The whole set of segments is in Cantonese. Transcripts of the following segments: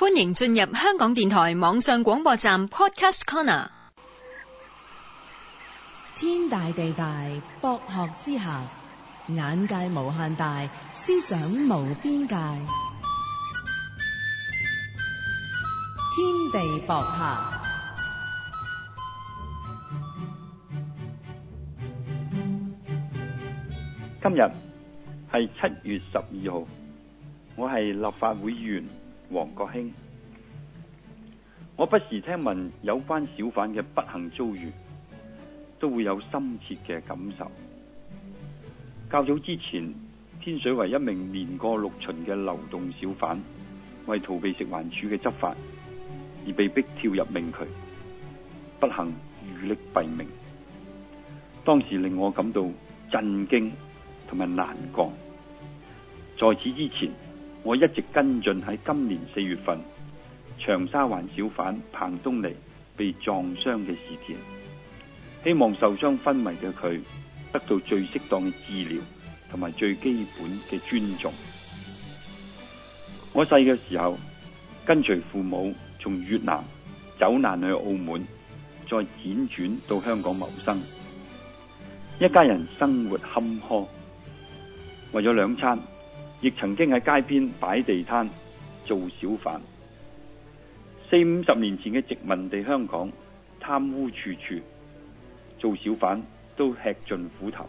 歡迎進入香港電台網上廣播站 Podcast Corner。天大地大，博學之下，眼界無限大，思想無邊界。天地博客，今日係七月十二號，我係立法會議員，王國興，我不時聽聞有關小販嘅不幸遭遇，都會有深切嘅感受。較早之前，天水圍一名年過六旬嘅流動小販，為逃避食環署嘅執法，而被逼跳入命渠，不幸遇力斃命，當時令我感到震驚同埋難過。在此之前，我一直跟進，喺今年四月份長沙灣小販彭東尼被撞傷嘅事件，希望受傷昏迷嘅佢得到最適當嘅治療，同埋最基本嘅尊重。我細嘅時候跟隨父母從越南走難去澳門，再輾轉到香港謀生，一家人生活坎坷，為咗兩餐。亦曾經喺街邊擺地攤做小販，四五十年前嘅殖民地香港貪污處處，做小販都吃盡苦頭。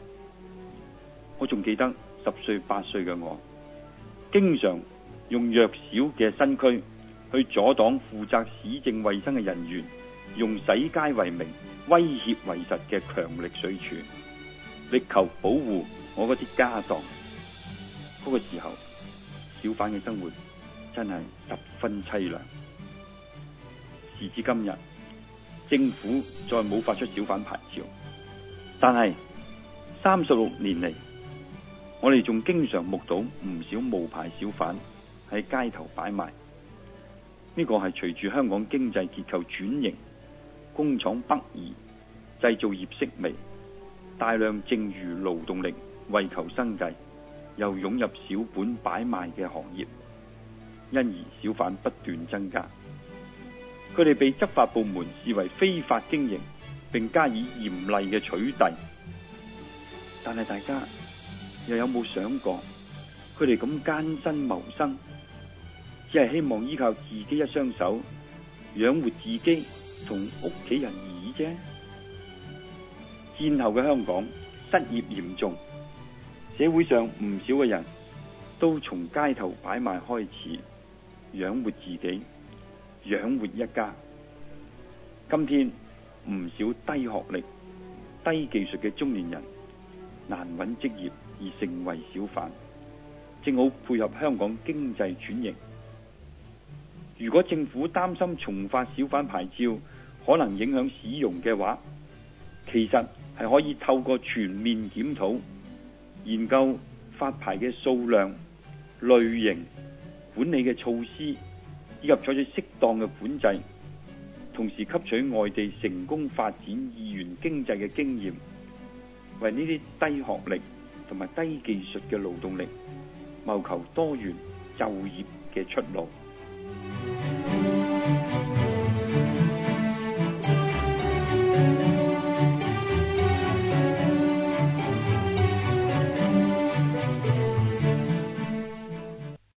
我仲記得十歲八歲嘅我，經常用弱小嘅身軀去阻擋負責市政衛生嘅人員，用洗街為名威脅為實嘅強力水柱，力求保護我嗰啲家當。嗰個時候，小販嘅生活真係十分凄涼。時至今日，政府再冇發出小販牌照，但係三十六年嚟，我哋仲經常目睹唔少無牌小販喺街頭擺賣。呢個係隨住香港經濟結構轉型，工廠北移，製造業式微，大量剩餘勞動力為求生計。又湧入小本擺賣嘅行業，因而小販不斷增加，佢哋被執法部門視為非法經營，並加以嚴厲嘅取締。但係大家又有冇想過，佢哋咁艱辛謀生，只係希望依靠自己一雙手養活自己同屋企人而已啫。戰後嘅香港失業嚴重。社會上唔少嘅人都從街頭擺賣開始養活自己、養活一家。今天唔少低學歷、低技術嘅中年人難揾職業而成為小販，正好配合香港經濟轉型。如果政府擔心重發小販牌照可能影響市容嘅話，其實係可以透過全面檢討，研究發牌嘅數量、類型、管理嘅措施，以及採取適當嘅管制，同時吸取外地成功發展二元經濟嘅經驗，為呢啲低學歷同埋低技術嘅勞動力謀求多元就業嘅出路。